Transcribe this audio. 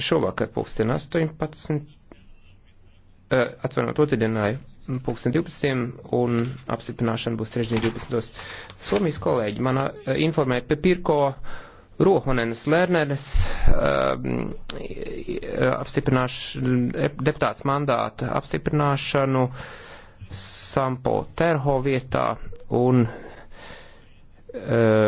šovakar pulksten 18, eh, atvainot otrdienāju pulksten 12 un apstiprināšana būs trešdien 12. Somijas kolēģi man eh, informēja par Pirko Rohonenes Lernenes ehm, eh, deputāts mandāta apstiprināšanu Sampo Terho vietā un uh,